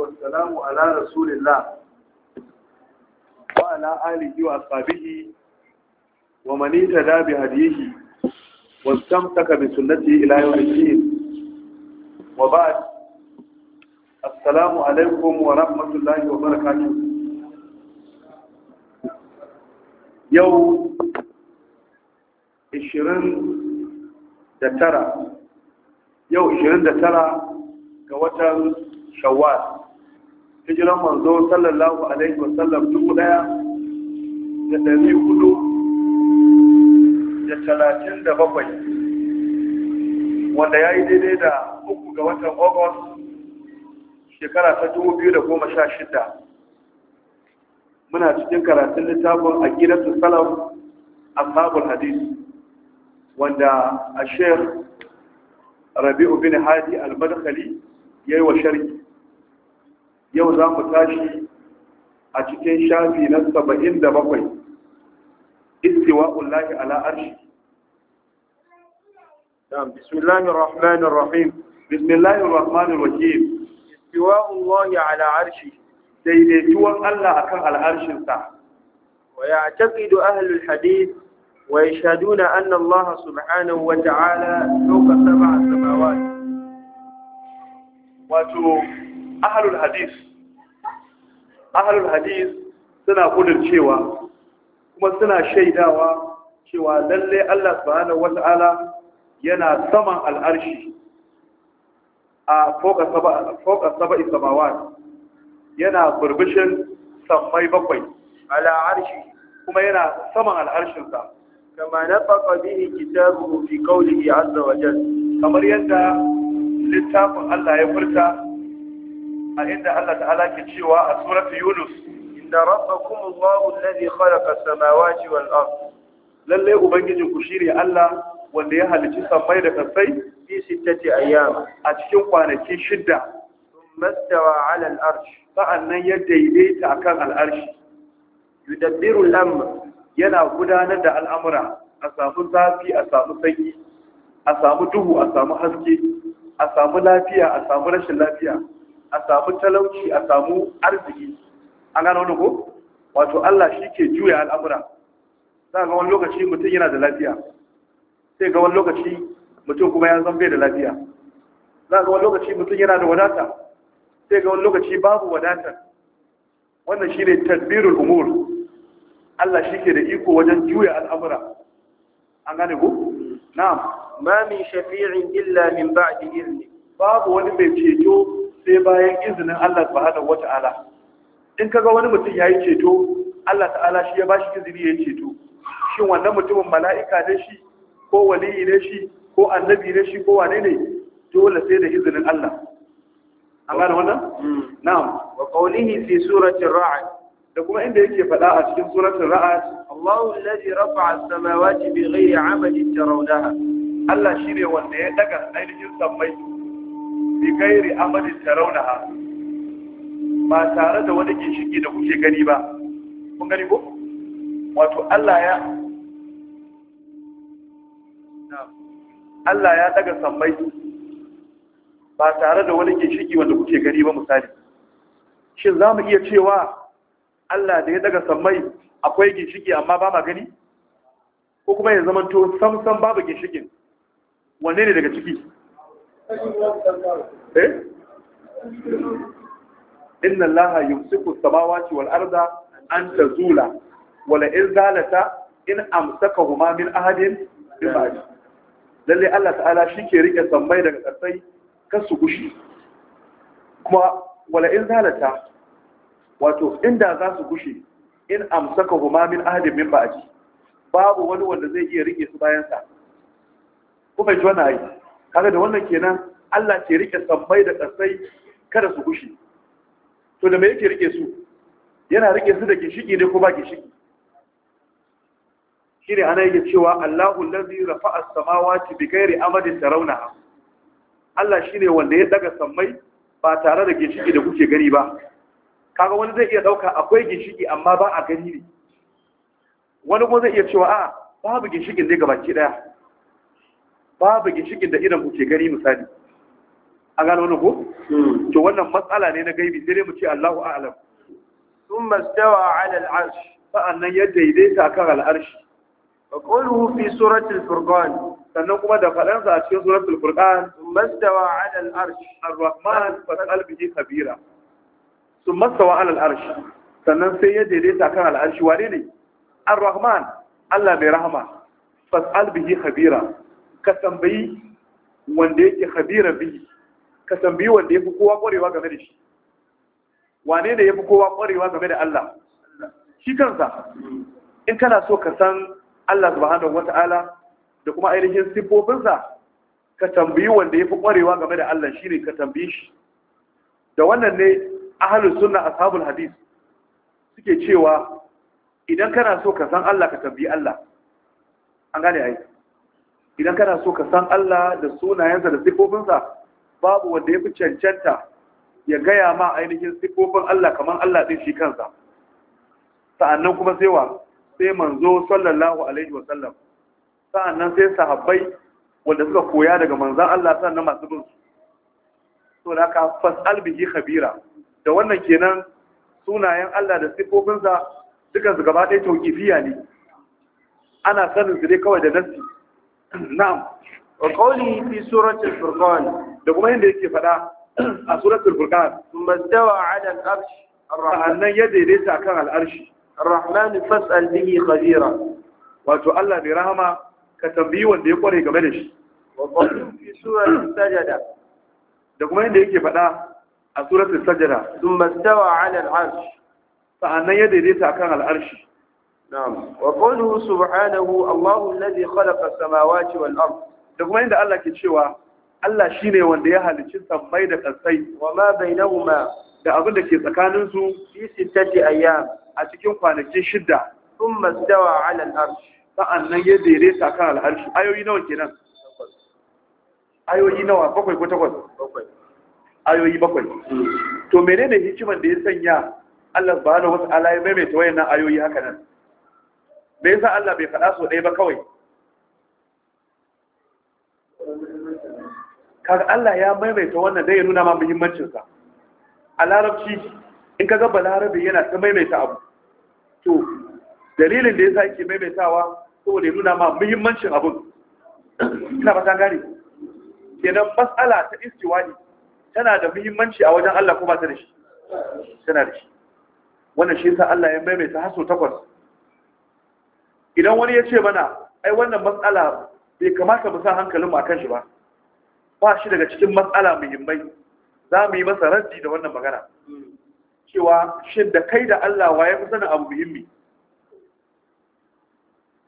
wasalamu ala rasulillah wa ala alihi wa ashabihi wa man tada bi hadihi wa istamtaka bi sunnati ila yawm al-din wa ba'd assalamu alaykum wa rahmatullahi wa yau 29 yau 29 ga watan shawwal hijiran manzo sallallahu alaihi wasallam dubu daya da dari hudu da talatin da bakwai wanda ya yi daidai da uku ga watan august shekara ta dubu biyu da goma sha shida muna cikin karatun littafin a gidansu salam sabon hadis wanda a shekh rabi'u bin hadi al-madkhali yayi wa sharhi yau za mu tashi a cikin shafi na saba'in da bakwai istiwa ullahi ala'arshi. arshi bismillahir rahmanir rahim bismillahir rahmanir rahim istiwa ullahi ala arshi daidaituwan Allah akan al'arshinsa wa ya'taqidu ahlul hadith wa yashhaduna anna Allah subhanahu wa ta'ala fawqa sab'a samawati wato ahalul hadis ahalul hadis suna gudun cewa kuma suna shaidawa cewa lalle Allah subhanahu wata'ala yana saman al'arshi a foka saba'i samawa yana burbushin samai bakwai al'arshi kuma yana saman al'arshinsa kama na faƙa bihi kitabu fi kaulihi azza wa jal kamar yadda littafin Allah ya furta a inda Allah ta'ala ke cewa a suratu Yunus inna rabbakum Allahu alladhi khalaqa samawati wal ard lalle ubangiji ku shirya Allah wanda ya halicci sammai da kasai fi sittati ayyam a cikin kwanaki shidda mastawa ala al-arsh sa'annan ya daidaita akan al-arsh yudabbiru al-amr yana gudanar da al'amura a samu zafi a samu sanyi a samu duhu a samu haske a samu lafiya a samu rashin lafiya a samu talauci a samu arziki an gano wani ko wato Allah shi ke juya al'amura za ga wani lokaci mutum yana da lafiya sai ga wani lokaci mutum kuma ya zan bai da lafiya za ga wani lokaci mutum yana da wadata sai ga wani lokaci babu wadata. wannan shi ne tadbirul umur Allah shi ke da iko wajen juya al'amura an gane ku? na'am ma min shafi'in illa min ba'di izni babu wani mai ceto sai bayan izinin Allah subhanahu wata'ala in kaga wani mutum yayi ceto Allah ta'ala shi ya bashi izini yayi ceto shin wannan mutumin mala'ika ne shi ko waliyi ne shi ko annabi ne shi ko wane ne dole sai da izinin Allah Amma da wannan hmm. na'am wa qawlihi fi surati ar-ra'd da kuma inda yake faɗa a cikin suratul ra'd Allahu allazi rafa'a as-samawati bighayri 'amalin tarawnaha Allah shi ne wanda ya daga ainihin sammai bi gairi amalin tarawnaha ba tare da wani ginshiki da kuke gani ba kun gani ko wato Allah ya Allah ya daga sammai ba tare da wani ginshiki wanda kuke gani ba misali shin za mu iya cewa Allah da ya daga sammai akwai ginshiki amma ba ma gani ko kuma ya sam sam babu ginshikin wanne ne daga ciki eh inna allaha yumsiku samawati wal arda an tazula wala in zalata in amsakahuma min ahadin bi ba'di lalle Allah ta'ala shi ke rike sammai daga kasai su gushi kuma wala in zalata wato inda za su gushi in amsakahuma min ahadin min babu wani wanda zai iya rike su bayan sa ku fahimci wannan kaga da wannan kenan Allah ke rike sammai da kasai kada su gushi to da me yake rike su yana rike su da gishiki ne ko ba gishiki shine ana yake cewa Allahu allazi rafa'a as-samawati ghairi amadin tarawnaha Allah shine wanda ya daga sammai ba tare da gishiki da kuke gani ba kaga wani zai iya dauka akwai gishiki amma ba a gani ne wani kuma zai iya cewa a babu gishikin ne gabaki daya babu ginshikin da idan kuke gani misali A gano wannan ko hmm. to wannan matsala ne na gaibi sai dai mu ce Allahu a'lam thumma istawa 'ala al-'arsh ya daidaita kan al'arshi. arsh wa fi surati al-furqan sannan kuma da faɗansa a cikin suratul furqan thumma istawa 'ala al ar-rahman fas'al bihi khabira thumma istawa 'ala al sannan sai ya daidaita kan al'arshi. arsh wane ne ar-rahman Allah mai rahama fas'al bihi khabira ka tambayi wanda yake khabira bi ka tambayi wanda yafi kowa kwarewa game da shi wane ne yafi kowa kwarewa game da Allah shi kansa in kana so ka san Allah subhanahu wata'ala da kuma ainihin sifofinsa ka tambayi wanda yafi kwarewa game da Allah shine ka tambayi shi da wannan ne ahlus sunna ashabul hadith suke cewa idan kana so ka san Allah ka tambayi Allah an gane ai idan kana so ka san Allah da sunayensa da sifofinsa babu wanda ya fi cancanta ya gaya ma ainihin sifofin Allah kamar Allah ɗin shi kansa sa'annan kuma sai wa sai manzo sallallahu alaihi wa sallam sa'annan sai sahabbai wanda suka koya daga manzan Allah sa'annan masu bin su so da ka fas'al bihi khabira da wannan kenan sunayen Allah da sifofinsa dukansu gaba ɗaya tauqifiya ne ana sanin su dai kawai da nasi. na'am wa qawli fi surati al-furqan da kuma inda yake fada a surati al-furqan mastawa 'ala al-arsh ar-rahman ya daidaita kan al-arshi ar-rahman fas'al bihi khabira wato Allah bi rahama ka tambayi wanda ya kware game da shi wa qawli fi surati sajada da kuma inda yake fada a surati sajada thumma stawa 'ala al-arsh sa'annan ya daidaita kan al-arshi na'am wa qawluhu subhanahu Allahu alladhi khalaqa as-samawati wal da kuma inda Allah ke cewa Allah shi ne wanda ya halicci sammai da kasai wa ma bainahuma da abin da ke tsakanin su fi sittati ayyam a cikin kwanaki shida thumma istawa 'ala al-arsh sa'annan ya daidaita kan al-arsh ayoyi nawa kenan ayoyi nawa bakwai ko takwas ayoyi bakwai hmm. to menene hikiman da ya sanya Allah subhanahu wata'ala ya maimaita wayannan ayoyi haka nan me yasa Allah bai faɗa so ɗaya ba kawai kaga Allah ya maimaita wannan dai ya nuna ma muhimmancinsa. a larabci in kaga balarabe yana ta maimaita abu to dalilin da ya sa yake maimaitawa saboda ya nuna ma muhimmancin abun ina ba ta gane kenan mas'ala ta istiwani tana da muhimmanci a wajen Allah ko ba ta da shi tana da shi wannan shi yasa Allah ya maimaita haso takwas idan wani ya ce mana ai wannan matsala bai kamata mu sa hankalin a kan shi ba ba shi daga cikin matsala muhimmai za mu yi masa raddi da wannan magana cewa shin da kai da Allah wa ya fi sanin abu muhimmi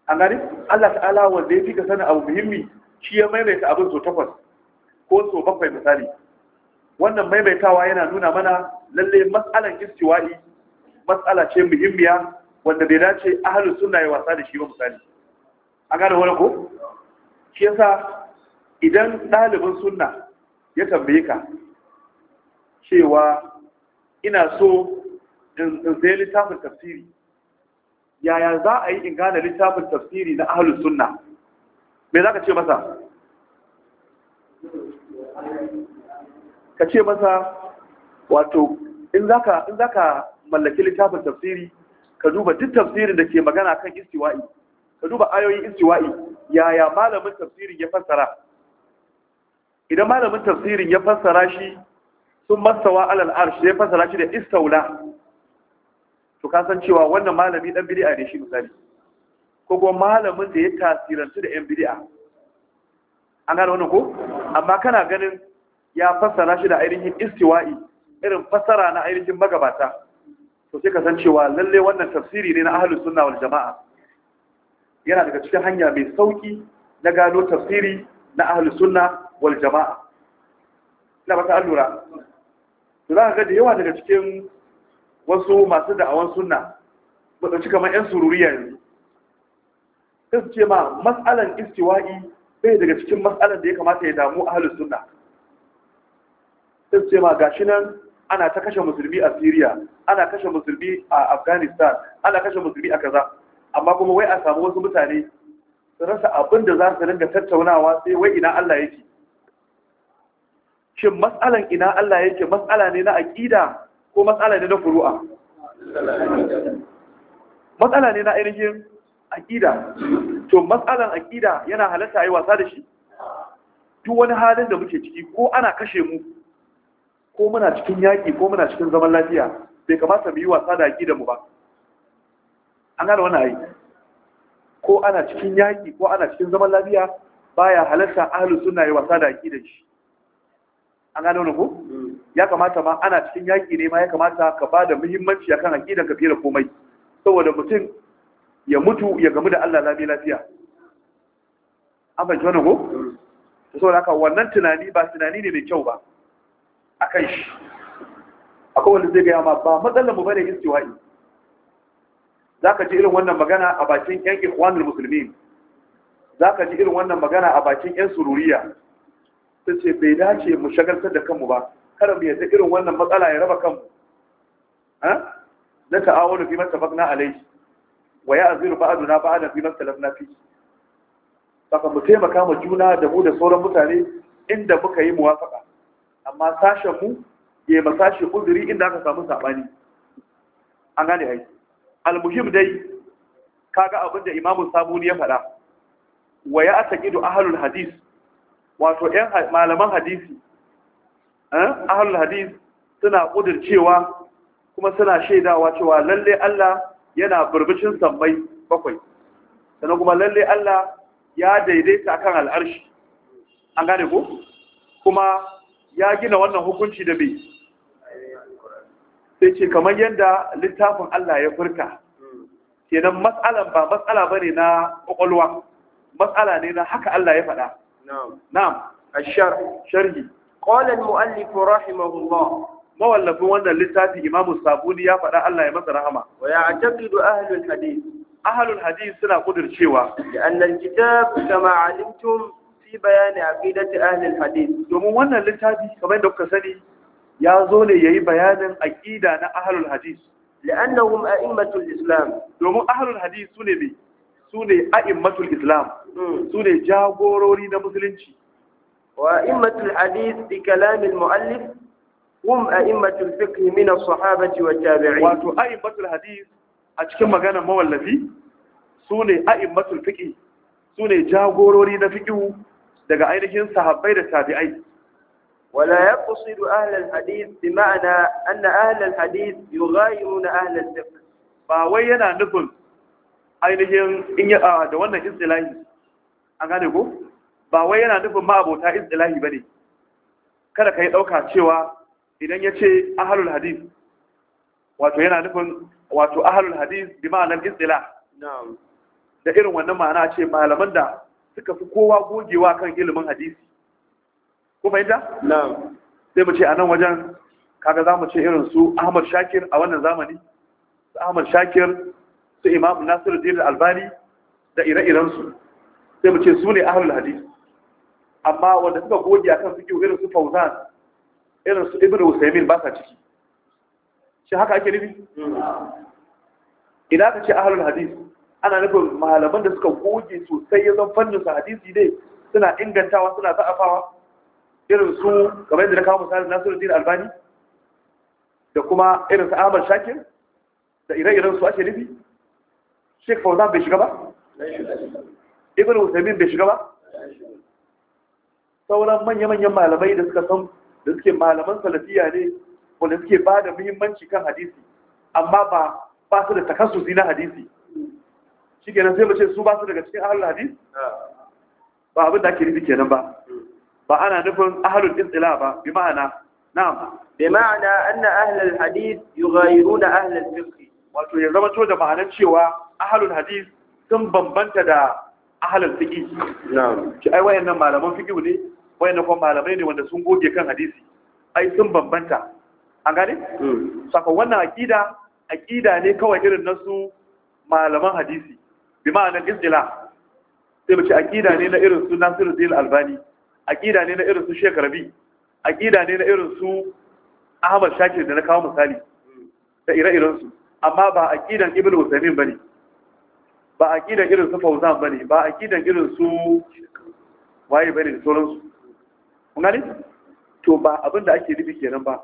an gani Allah ta'ala wanda ya fi ka sanin abu muhimmi shi ya maimaita abin so takwas ko so bakwai misali wannan maimaitawa yana nuna mana lalle matsalan istiwa'i matsala ce muhimmiya wanda bai dace ahalus suna ya wasa da shi ba misali an gane wani ko shi yasa idan ɗalibin sunna ya tambaye ka cewa ina so in sayi littafin tafsiri yaya za a yi in gane littafin tafsiri na ahalus suna me za ka ce masa ka ce masa wato in za ka mallaki littafin tafsiri ka duba duk tafsirin da ke magana kan istiwa'i ka duba ayoyin istiwa'i yaya malamin tafsirin ya fassara idan malamin tafsirin ya fassara shi sun masawa alal arsh ya fassara shi da istaula to ka san cewa wannan malami dan bid'a ne shi misali ko kuma malamin da ya tasirantu da yan bid'a an gane wannan ko amma kana ganin ya fassara shi da ainihin istiwa'i irin fassara na ainihin magabata to sai ka cewa lalle wannan tafsiri ne na ahlus sunna wal jama'a yana daga cikin hanya mai sauki na gano tafsiri na ahlus sunna wal jama'a ina ba ta allura to za ka ga da yawa daga cikin wasu masu da'awan sunna ba ɗauki kamar 'yan sururiya yanzu sai su ce ma matsalan istiwa'i bai daga cikin matsalan da ya kamata ya damu ahalus sunna sai ce ma gashi nan ana ta kashe musulmi a Syria ana kashe musulmi a Afghanistan ana kashe musulmi a kaza amma kuma wai a samu wasu mutane su rasa abin da za su ringa tattaunawa sai wai ina Allah yake shin matsalan ina Allah yake matsala ne na aqida ko matsala ne na furu'a matsala ne na ainihin aqida to matsalan aqida yana halatta yi wasa da shi duk wani halin da muke ciki ko ana kashe mu ko muna cikin yaƙi ko muna cikin zaman lafiya bai kamata mu yi wasa da da mu ba an gane wannan ayi ko ana cikin yaƙi ko ana cikin zaman lafiya baya halarta ahlus sunna yi wasa da da shi an gane wani ko hmm. ya kamata ma ana cikin yaƙi ne ma ya kamata ka ba da muhimmanci akan aƙidar ka fiye da komai saboda mutum ya mutu ya gamu da Allah lafiya lafiya an fahimci wannan ko hmm. saboda haka wannan tunani ba tunani ne mai kyau ba a kan shi akwai wanda zai gaya ma ba matsalar mu bane istiwa'i za ka ji irin wannan magana a bakin yan ikhwanul musulmi za ka ji irin wannan magana a bakin yan sururiya ta ce bai dace mu shagaltar da kanmu ba kada mu yadda irin wannan matsala ya raba kanmu eh? na awonu fi matafakna alayhi wa ya'ziru ba'duna ba'dan fi matafakna fi saka mu taimaka ma juna da mu da sauran mutane inda muka yi muwafaka amma sashen mu ya ma sashe ƙudiri, inda aka samu saɓani. an gane Al almuhim dai kaga abin da sabu ne ya faɗa wa ya ataqidu ahalul hadis wato ƴan malaman hadisi eh, ahalul hadis suna ƙudircewa kuma suna shaidawa cewa lalle Allah yana burbushin sammai bakwai sannan kuma lalle Allah ya daidaita kan al'arshi an gane ku. kuma ya gina wannan hukunci da bai sai ce kamar yadda littafin Allah ya furta kenan matsalan ba matsala bane na kwakwalwa matsala ne na haka Allah ya faɗa na'am ashar sharhi qala al-mu'allif rahimahullah mawallafin wannan littafi Imam Sabuni ya faɗa Allah ya masa rahama wa ya'taqidu ahlul hadith ahlul hadith suna kudurcewa da annal kitab kama alimtum yi bayani a ƙidatun ahlul hadith domin wannan littafi kamar da kuka sani ya zo ne yayi bayanin aqida na ahlul hadith la'annahum a'immatul islam domin ahlul hadith sune me a'immatul islam hmm. sune jagorori na musulunci wa a'immatul hadith bi kalamil mu'allif hum a'immatul fiqh min as-sahabati wa tabi'in wato a'immatul hadith a cikin maganar mawallafi sune a'immatul fiqh sune jagorori na fiqh daga ainihin sahabbai da tabi'ai wala yaqsidu ahli alhadith bi ma'ana anna ahli alhadith yughayiruna ahli alfiqh ba wai yana nufin ainihin in ya ah, da wannan istilahi an gane ko ba wai yana nufin ma abota istilahi bane kada ka yi dauka cewa idan yace ce ahalul hadith wato yana nufin wato ahalul hadith bi ma'anar istila da irin wannan ma'ana ce malaman da suka fi kowa gogewa kan ilimin hadisi ko fahimta na'am sai mu ce a nan wajen kaga za mu ce irin su Ahmad Shakir a wannan zamani su Ahmad Shakir su Imam Nasiru Nasiruddin Albani da ire-iren su sai mu ce su ne ahalul hadisi amma wanda suka goge kan fiqh irin su Fauzan irin su Ibn usaimin ba sa ciki shi haka ake nufi mm. Ina ka ce ahalul hadisi ana nufin malaman da suka goge sosai ya zan fannin su hadisi ne suna ingantawa suna za'afawa irin su kamar yadda na kawo misali Nasiruddin Albani da kuma irin su Ahmad Shakir da ire-iren su ake nufi Sheikh Fauzan bai shiga ba Ibn Uthaymeen bai shiga ba sauran manya-manyan malamai da suka san da suke malaman salafiya ne wanda suke ba da muhimmanci kan hadisi amma ba ba su da takasusi na hadisi shi kenan sai mu ce su ba su daga cikin ahalul hadis ba abin da ake nufi kenan ba ba ana nufin ahalul istila ba bi ma'ana na'am bi ma'ana anna ahlul hadis yughayiruna ahlul fiqh wato ya zama to da ma'anar cewa ahalul hadis sun bambanta da ahalul fiqh na'am ki ai wayannan malaman fiqh ne wayannan kuma malamai ne wanda sun goge kan hadisi ai sun bambanta an gane hmm. saka wannan aqida aqida ne kawai irin nasu malaman hadisi bi ma'anar izila sai mu ce ne na irin su nasiru zai albani akida ne na irin su shekarabi akida ne na irin su ahmad shakir da na kawo misali da ire iren su. amma ba akidan ibn usaimin ba ne ba akidan irin su fauzan ba ne ba akidan irin su waye ba ne da sauransu kun gani to ba abin da ake nufi kenan ba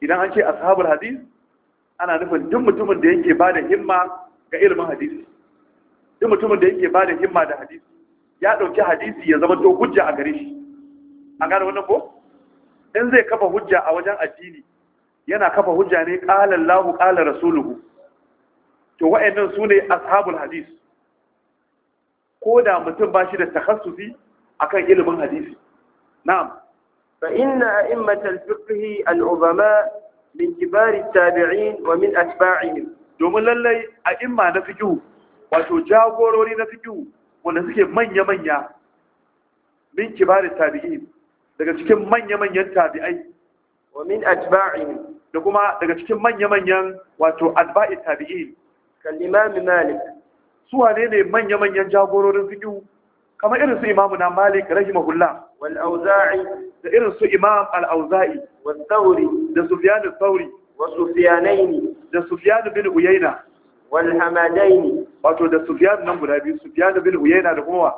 idan an ce ashabul hadis ana nufin duk mutumin da yake ba da himma ga ilimin hadisi duk mutumin da yake ba da himma da hadisi ya ɗauki hadisi ya zama to hujja a gare shi A gane wannan ko in zai kafa hujja a wajen addini yana kafa hujja ne qala lahu qala rasuluhu to wa'annan sune ashabul hadis ko da mutum ba shi da takhassusi akan ilimin hadisi na'am fa inna a'immatal fiqh al-uzama min kibar at-tabi'in wa min asba'ihim domin lallai a'imma na fiqh wato jagorori na fiqh wanda suke manya-manya min kibarin tabi'in daga cikin manya-manyan tabi'ai wa min atba'in da kuma daga cikin manya-manyan wato atba'i tabi'in kallimami malik su wane ne manya-manyan jagororin fiƙi kamar irin su imamu na malik rahimahullah wal auza'i da irin su imam al auza'i wa tsauri da sufyan tsauri wa sufyanaini da sufyan bin uyayna wal hamadaini wato da Sufyan nan guda biyu Sufyan bin Uyayna da kuma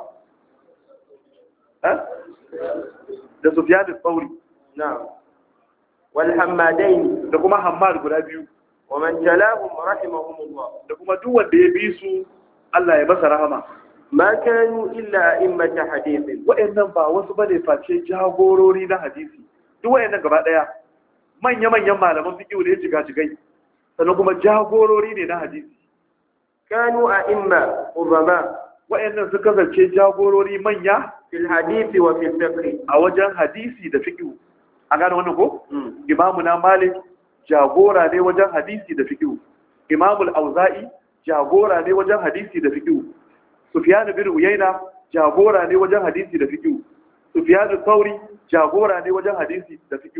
da Sufyan da tsauri na walhammadai da kuma Hammad guda biyu wa man talahum rahimahumullah da kuma duk wanda ya bi su Allah ya masa rahama ma kanu illa immata hadithin wa'annan ba wasu bane face jagorori na hadisi duk wa'annan gaba daya manya manyan malaman fiqh ne jiga jigai sannan kuma jagorori ne na hadisi kanu a imma uzama wa'annan su kasance jagorori manya fil hadisi wa a wajen hadisi da fiqh an gane wannan ko hmm. imamu na malik jagora ne wajen hadisi da fiqh imamul auza'i jagora ne wajen hadisi da fiqh sufyan bin uyayna jagora ne wajen hadisi da fiqh sufyan thauri jagora ne wajen hadisi da fiqh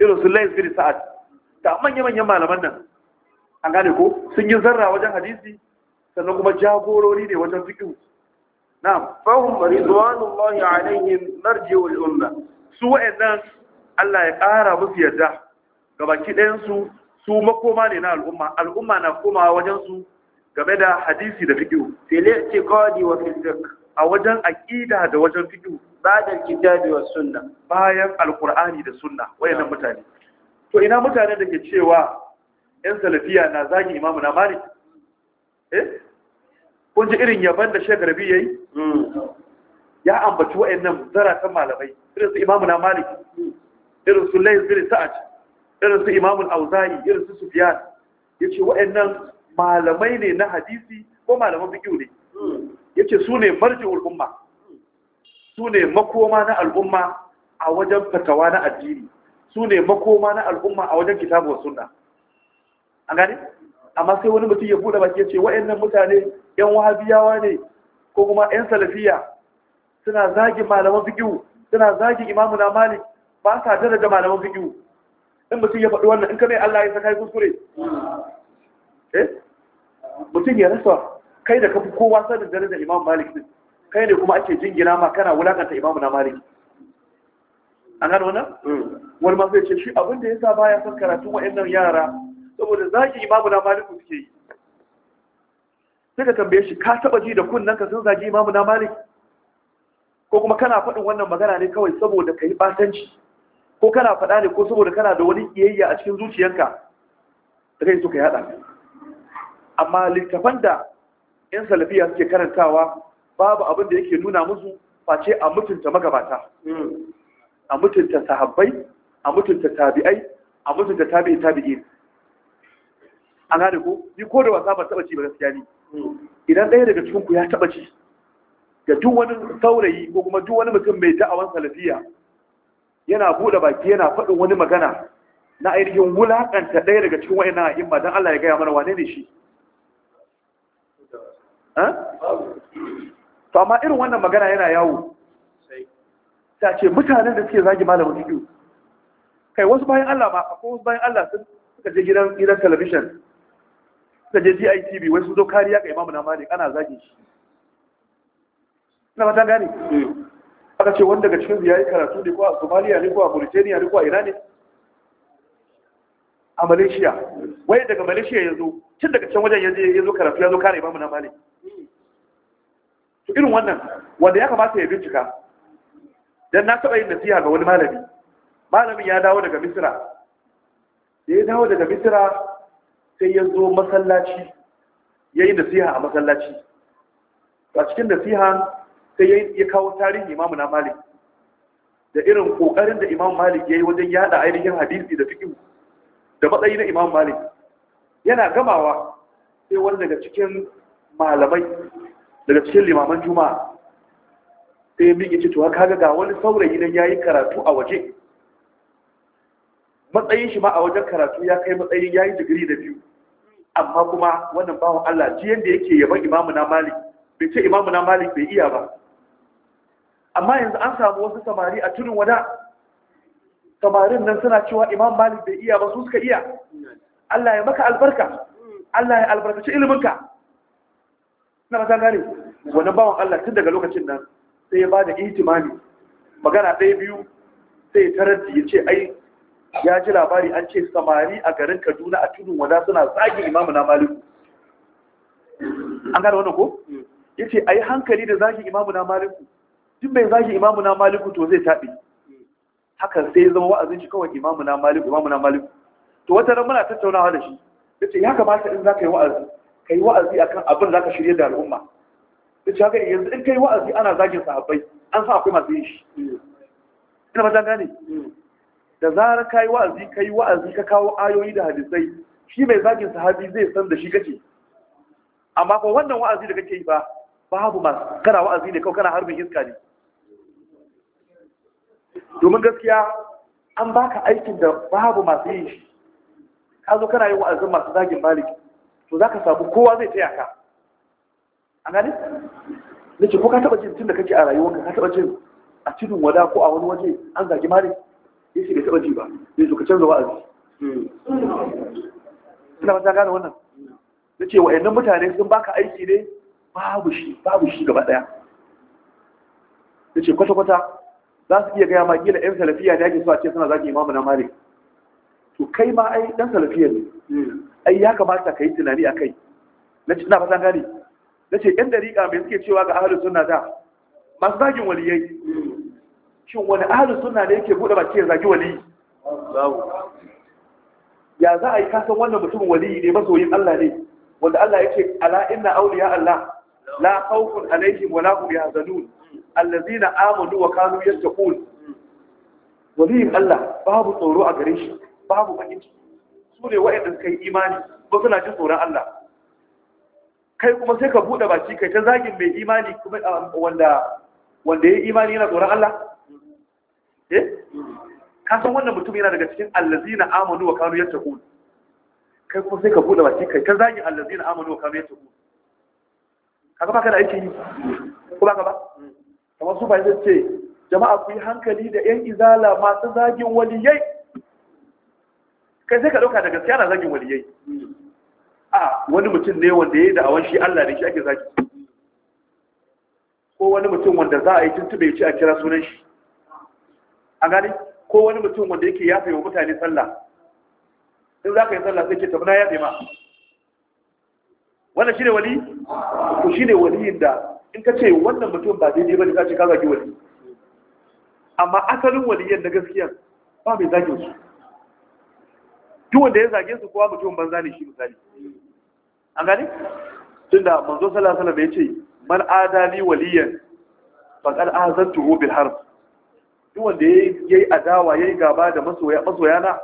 irin su lays sa'ad ta manya manyan malaman nan an gane ko sun yi zarra wajen hadisi sannan kuma jagorori ne wajen fiqh na'am fahum a ainihin narjewar umma su wa'annan Allah ya ƙara musu yadda ga baki ɗayansu su makoma ne na al'umma al'umma na komawa wajen su game da hadisi da fiqh ce kawai wa fil a wajen aqida da wajen fiqh ba'da kitabi wa sunna bayan alqur'ani da sunna wayannan mutane to ina mutane da ke cewa yan salafiya na zagi imamu na malik eh kun ji irin yaban da shekar biyu ya yi hmm. ya ambaci wa'annan zarafin malamai irin su imamu na malik irin su layin bin sa'ad irin su imamun auzayi irin su sufiyan ya ce nan malamai ne na hadisi ko malaman fiƙi ne ya ce su ne marji al'umma su ne makoma na al'umma a wajen fatawa na addini su ne makoma na al'umma a wajen kitabu sunna an gane amma sai wani mutum ya bude baki ya ce wa'annan mutane yan wahabiyawa ne ko kuma yan salafiya suna zagi malaman fiqh suna zagi imamu na malik ba sa daraja malaman fiqh in mutum ya faɗi wannan in ka mai Allah ya saka kuskure eh mutum ya rasa kai da kafi kowa sanin darajar imamu malik din kai ne kuma ake jingina ma kana wulakanta imamu na malik an gano wannan hmm. wani ma sai ce shi abin da yasa baya son karatun wa'annan yara saboda zaki imamu na maliku suke yi sai ka tambaye shi ka taba ji da kunnen ka sun zagi imamu na malik ko kuma kana faɗin wannan magana ne kawai saboda ka yi batanci ko kana faɗa ne ko saboda kana da wani iyayya a cikin zuciyarka da kai suka yaɗa? amma littafan da yan salafiya suke karantawa babu abin da yake nuna musu face a mutunta magabata hmm. a mutunta sahabbai a mutunta tabi'ai a mutunta tabi'i tabi'in an gane ko ni ko da wasa ba taɓa ci ba gaskiya ne idan ɗaya daga cikin ku ya taɓa ci ga duk wani saurayi ko kuma duk wani mutum mai da'awan salafiya yana bude baki yana faɗin wani magana na ainihin wulaƙanta ɗaya daga cikin wa'in na imma don Allah ya gaya mana wane ne shi to amma irin wannan magana yana yawo ta ce mutanen da suke zagi malamin fiƙi kai wasu bayan Allah ma akwai wasu bayan Allah sun suka je gidan gidan talabishin suka je DITB wai su zo kariya ga Imam na Malik ana zagi shi na ba gani. gane hmm. aka ce wanda daga cikin yayi karatu ne ko a Somaliya ne ko a Mauritania ne ko a ina ne a Malaysia wai daga Malaysia ya zo tun daga can wajen ya zo karatu ya zo kare Imam na Malik to irin wannan wanda ya kamata ya bincika dan na taba yin nasiha ga wani malami malamin ya dawo daga Misira. da ya dawo daga Misira. sai ya zo masallaci ya yi nasiha a masallaci a cikin nasiha sai ya kawo tarihin imamu na malik da irin kokarin da imam malik ya yi wajen yada ainihin hadisi da fikin da matsayi na imam malik yana gamawa sai wani daga cikin malamai daga cikin limaman juma'a sai miƙe ce tuwa kaga ga wani saurayi nan ya yi karatu a waje matsayin shi ma a wajen karatu ya kai matsayin ya yi digiri da biyu amma kuma wannan bawan Allah ji yadda yake yaban imamu na malik bai ce imamu na malik bai iya ba amma yanzu an samu wasu samari a tunin wada samarin nan suna cewa imam malik bai iya ba su suka iya Allah ya maka albarka Allah ya albarkaci ilminka. na mata gane Wannan bawan Allah tun daga lokacin nan sai ya ba da ihtimami magana ɗaya biyu sai ya tarar ya ce ai ya ji labari an ce samari a garin kaduna a tudun wada suna zagin imamu na maliku an gada wannan ko hmm. ya ce a yi hankali da zagin imamu na maliku duk mai zagin imamu na maliku to zai taɓi hmm. haka sai ya zama wa'azin shi kawai imamu na maliku imamu na maliku to wata ran muna tattaunawa da shi ya ce ya kamata in za ka yi wa'azi ka yi wa'azi akan abin za ka shirya da al'umma ya ce haka yanzu in ka yi wa'azi ana zagin sahabbai an sa akwai masu yin shi hmm. ina ba gane da zara ka yi wa'azi ka yi wa'azi ka kawo ayoyi da hadisai shi mai zagin sahabi zai san da shi kake amma ko wannan wa'azi da kake yi ba babu masu kana wa'azi ne kawai kana harbin iska ne domin gaskiya an baka aikin da babu masu yin shi ka zo kana yin wa'azin masu zagin maliki to za ka samu kowa zai taya ka an gani na ce ko ka taba jin tun da kake a rayuwarka ka taba jin a cikin wada ko a wani waje an zagi maliki taɓa ji ba ya suka canza wa'azi ina fata gane wannan na ce wa'annan mutane sun baka aiki ne babu shi babu shi gaba ɗaya na ce kwata-kwata za su iya gaya ma gila 'yan salafiya da yake so a ce suna zaki imamu na malik to kai ma ai dan salafiyar ne ai ya kamata ka yi tunani a kai na ce ina fata gane na ce 'yan dariƙa mai suke cewa ga ahalin suna da masu zagin waliyai shin wani ahalin suna ne yake buɗe baki ya zagi wali ya za a yi kasan wannan mutumin wali ne masoyin Allah ne wanda Allah ya ce ala inna awliya Allah la haukun alaihim wa la hum yahzanun allazina amanu wa kanu yattaqun waliyin Allah babu tsoro a gare shi babu bakin su ne wa'anda suka yi imani ba suna jin tsoron Allah kai kuma sai ka buɗe baki kai ta zagin mai imani kuma um, wanda wanda ya imani yana tsoron Allah kasan eh? ka san wannan mutum yana daga cikin allazina amanu wa kanu yattaqun kai kuma sai ka bude baki kai ta zagi allazina amanu wa kanu yattaqun kaga baka da aiki yi ko ka ba Kuma su bai sai ce jama'a ku yi hankali da yan izala masu zagin waliyai kai sai ka dauka da gaskiya na zagin waliyai a wani mutum ne wanda ya yi da'awan shi Allah ne shi ake zagi ko wani mutum wanda za a yi tuntube ya ce a kira sunan shi a gani ko wani mutum wanda yake yafe wa mutane sallah in za ka yi sallah sai ke tabbana yafe ma wannan shi ne wali ku shi ne waliyin da in ka ce wannan mutum ba daidai ba ne ka ce ka zagi wali amma asalin waliyan na gaskiya ba mai zagin su duk wanda ya zage su kowa mutum banza ne shi misali an gane tunda manzo sallallahu alaihi wasallam ya ce man adali waliyan faqad azantuhu bil harb duk wanda ya yi adawa ya yi gaba da masoya na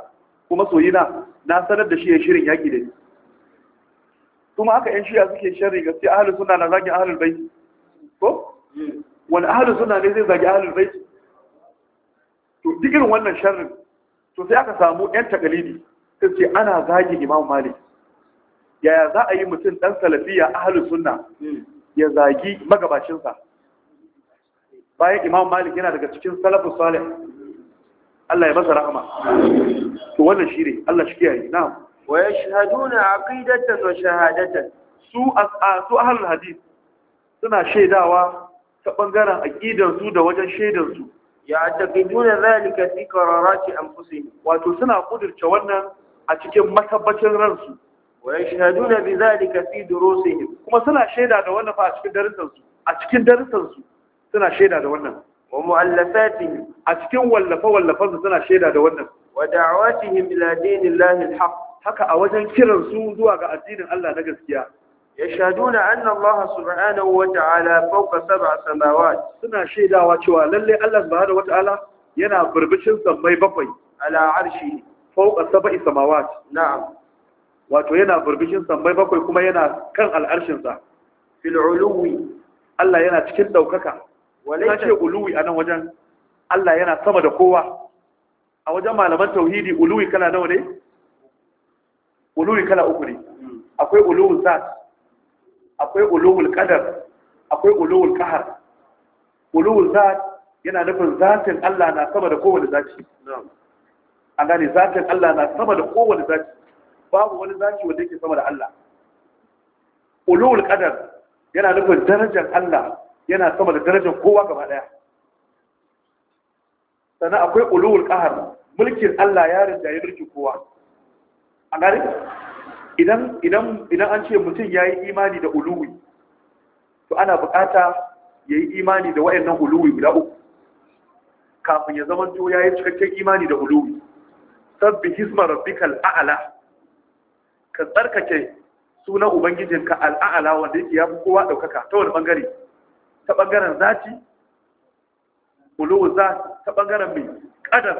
ko masoyi na sanar da shi ya shirin yaƙi da ni kuma haka yan shiya suke ga sai ahalin suna na zagin ahalin bai ko wani ahalin suna ne zai zagi ahalin bai to duk irin wannan sharrin to sai aka samu yan takalidi sai ce ana zagin imam malik yaya za a yi mutum dan salafiya ahalin sunna ya zagi magabacinsa bayan imam malik yana daga cikin salafin salih Allah ya masa rahama to wannan shi ne Allah shi kiyaye na wa yashhaduna aqidatan wa shahadatan su as'a su ahlul hadith suna shaidawa ta bangaren aqidan su da wajen shaidan su ya taqiduna zalika fi qararati anfusihim wato suna kudurce wannan a cikin matabbacin ransu wa yashhaduna bi zalika fi durusihim kuma suna shaida da wannan fa a cikin darussan su a cikin darussan su suna shaida da wannan wa mu'allafatihim a cikin wallafa wallafansu suna shaida da wannan wa da'awatihim ila dinillahi alhaq haka a wajen kiran su zuwa ga addinin Allah na gaskiya yashhaduna anna Allah subhanahu wa ta'ala fawqa sab'a samawat suna shaidawa cewa lalle Allah subhanahu wa ta'ala yana burbushin sammai bakwai ala arshi fawqa sab'i samawat na'am wato yana burbushin sammai bakwai kuma yana kan al'arshinsa fil uluwi Allah yana cikin daukaka na ce uluwi a nan wajen Allah yana sama da kowa a wajen malaman tauhidi uluwi kala nawa ne uluwi kala uku ne akwai uluwul zat akwai uluwul qadar akwai uluwul qahar uluwul zat yana nufin zatin Allah na sama da kowane zaci. an gane zatin Allah na sama da kowane zaci. babu wani zaci wanda yake sama da Allah Uluwul qadar yana nufin darajar Allah yana sama da darajar kowa gaba daya sannan akwai ulul qahar mulkin Allah ya ya mulkin kowa a gare idan idan idan an ce mutum yayi imani da uluwi to ana bukata yayi imani da wayannan uluwi guda uku kafin ya zama to yayi cikakken imani da uluwi sabbi hisma rabbikal a'la ka tsarkake sunan ubangijinka al'a'la wanda yake yafi kowa daukaka ta wani bangare ta ɓangaren zati uluwu za ta ɓangaren mai ƙadar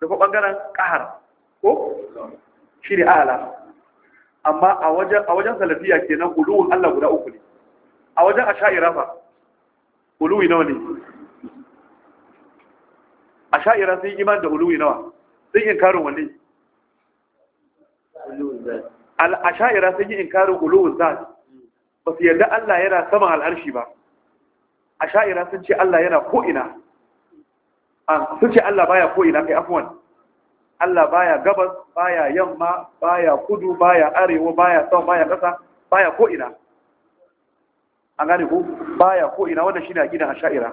da kuma ɓangaren ƙahar ko shiri ala amma a wajen salafiya ke nan uluwun allah guda uku ne a wajen a sha'ira ba uluwi nawa ne a sha'ira sun yi iman da uluwi nawa sun yi karin wani a sha'ira sun yi inkarin uluwun za ba su yadda allah yana saman al'arshi ba a sha'ira sun ce Allah yana ko'ina ah, sun ce Allah baya ko'ina kai afuwan Allah baya gabas baya yamma baya kudu baya arewa baya sau baya ƙasa baya ko'ina an gane ku baya ko'ina wanda shi ne gina a sha'ira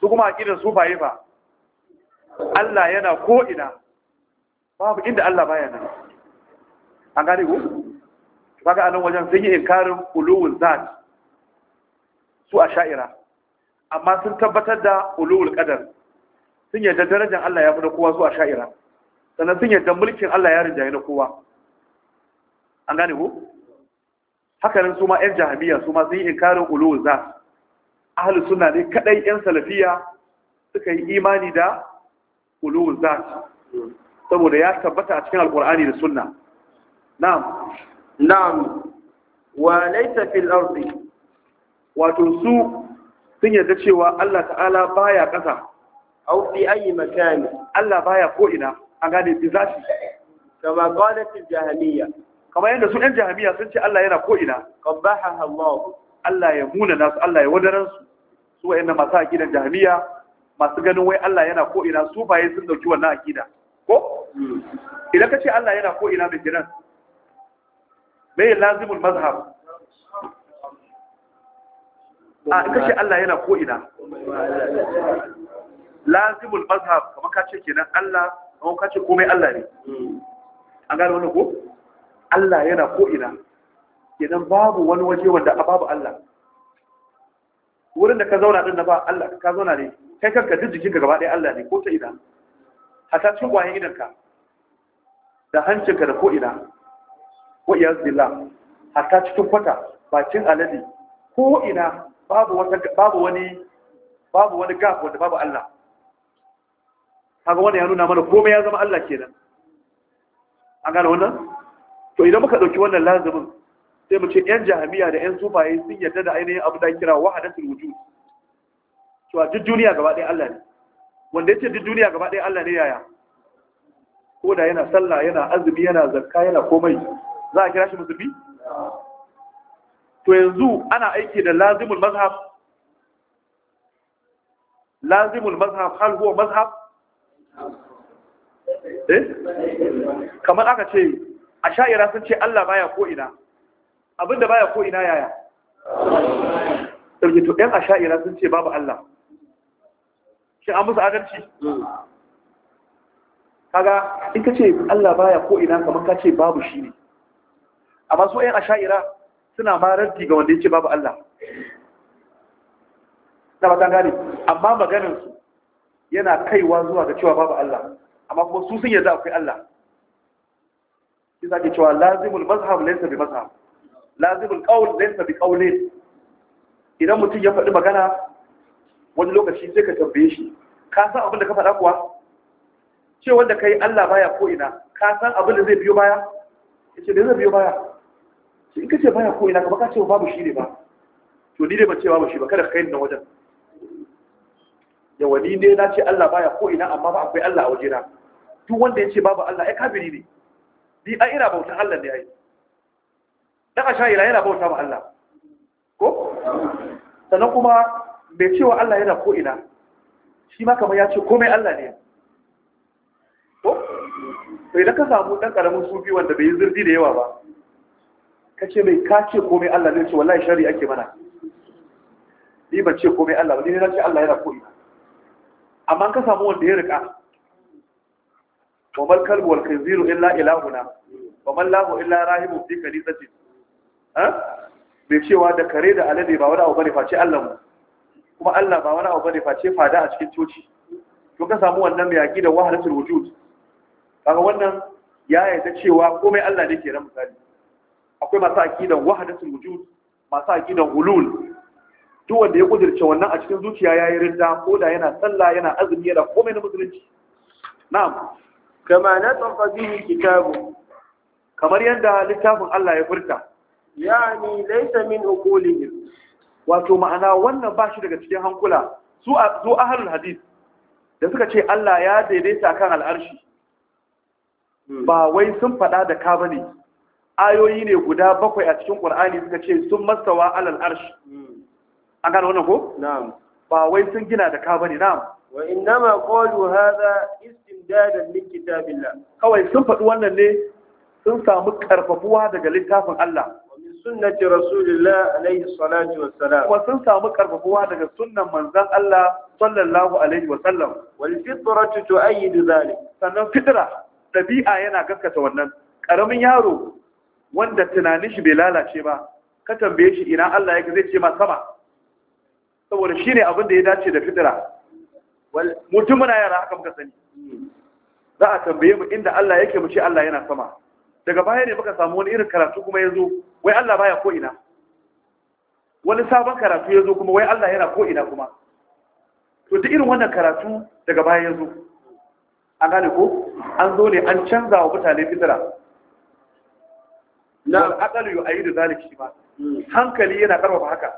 su kuma aƙidan su baye ba Allah yana ko'ina babu inda Allah baya nan an gane ku ba ga anan wajen sun yi inkarin uluwun zati su a sha'ira amma sun tabbatar da ulul qadar sun yarda darajar Allah ya fi na kowa su a sha'ira sannan sun yarda mulkin Allah ya rinjaye na kowa an gane ko hakanan su ma 'yan jahabiyya su ma sun yi inkarin ulul za ahalus suna ne kadai 'yan salafiya suka yi imani da ulul za saboda ya tabbata a cikin alqur'ani da sunna na'am na'am wa laysa fil ardi wato su sun yarda cewa Allah ta'ala baya ƙasa aw fi ayi makani Allah baya ko ina an gane bi zati kama qalat al jahamiya. kama yanda su ɗan jahamiya sun ce Allah yana ko ina qabaha Allah Allah ya muna nasu Allah ya wadaran su su wa'anda masu akidan jahamiya masu ganin wai Allah yana ko ina su baye sun dauki wannan akida ko idan ka ce Allah yana ko ina mai jiran mai lazimul mazhab a kashe Allah yana ko ina lazimul mazhab kamar ka ce kenan Allah kamar ka ce komai Allah ne an gane wani ko Allah yana ko ina kenan babu wani waje wanda babu Allah wurin da ka zauna din na ba Allah ka zauna ne kai kanka duk jikinka gaba ɗaya Allah ne ko ta ina hata cikin kwayan idanka da hancinka da ko ina ko iyaz billah hata cikin kwata bakin alade ko ina babu wani babu wani gaf wanda babu Allah kaga wani ya nuna mana komai ya zama Allah kenan an gane wannan to idan muka dauki wannan lazimin sai mu ce yan jahamiya da yan sufaye sun yarda da ainihin abu da kira wahadatul wujud a duk duniya gaba ɗaya Allah ne wanda yace duk duniya gaba ɗaya Allah ne yaya ko da yana sallah yana azumi yana zakka yana komai za a kira shi musulmi to yanzu ana aiki da lazimul mazhab lazimul mazhab hal huwa mazhab eh kamar aka ce a sha'ira sun ce Allah baya ko ina abinda baya ko ina yaya ɗauke to ɗan a sha'ira sun ce babu Allah shi an musu adalci kaga in ka ce Allah baya ko ina kamar ka ce babu shi ne amma su ɗan a sha'ira suna ma raddi ga wanda ya ce babu Allah na ba ta gane amma maganinsu yana kaiwa zuwa ga cewa babu Allah amma kuma su sun yarda akwai Allah shi zaki cewa lazimul mazhab laisa bi mazhab lazimul qawl laisa bi qawlin idan mutum ya faɗi magana wani lokaci sai ka tambaye shi ka san abin da ka faɗa kuwa ce wanda kai Allah baya ko ina ka san abin da zai biyo baya Ya ce da zai biyo baya sai in kace baya ko ina ka baka ce babu shi ne ba to ni ne ba ce babu shi ba kada ka kai na wajen yawa ni ne na ce Allah baya ko ina amma ba akwai Allah a waje na. duk wanda ya ce babu Allah ya kafiri ne bi a ina bautan Allah ne ai dan ashayira yana bauta ba Allah ko sannan kuma bai cewa Allah yana ko ina shi ma kamar ya ce komai Allah ne ko sai da ka samu dan karamin sufi wanda bai yi zurfi da yawa ba ka ce mai ka ce komai Allah ne ce wallahi shari ake mana ni ba ce komai Allah ba ni na ce Allah yana koyi Amma amma ka samu wanda ya rika Wamal kalbu wal khinziru illa ilahuna wa man lahu illa rahibu fi kalizati ha bai cewa da kare da alade ba wani abu bane face Allah mu kuma Allah ba wani abu bane face fada a cikin coci to ka samu wannan mai yaki da wahalatul wujud kaga wannan ya yarda cewa komai Allah ne ke ran misali akwai masu aƙidan wahdatul wujud masu aƙidan ulul duk wanda ya kudirce wannan a cikin zuciya yi ridda ko da yana sallah yana azumi yana komai na musulunci na'am kama na tsafa bihi kitabu kamar yadda littafin Allah ya furta yani laysa min uqulihim wato ma'ana wannan ba shi daga cikin hankula su zo ahlul hadith da suka ce Allah ya daidaita kan al'arshi hmm. ba wai sun faɗa da ka bane ayoyi ne guda bakwai a cikin qur'ani suka ce sun mastawa alal arsh an gano wannan ko na'am ba wai sun gina da ka bane na'am wa innama qalu hadha istimdadan min kitabillah kawai sun faɗi wannan ne sun samu karfafuwa daga littafin Allah sunnati rasulillah alaihi salatu wassalam kuma sun samu karfafuwa daga sunnan manzon Allah sallallahu alaihi wasallam wal fitratu tu'ayyidu dhalik sannan fitra dabi'a yana gaskata wannan karamin yaro wanda tunanin shi bai lalace ba ka tambaye shi ina Allah yake zai ce ma sama saboda shine abin da ya dace da fitira mutum muna yara haka muka sani za a tambaye mu inda Allah yake mu ce Allah yana sama daga baya ne muka samu wani irin karatu kuma yazo wai Allah baya ko ina wani sabon karatu yazo kuma wai Allah yana ko ina kuma to duk irin wannan karatu daga baya yazo an gane ko an zo ne an canza wa mutane fitira na al'aqal yu'ayyidu zalik shi ma hankali yana karfafa haka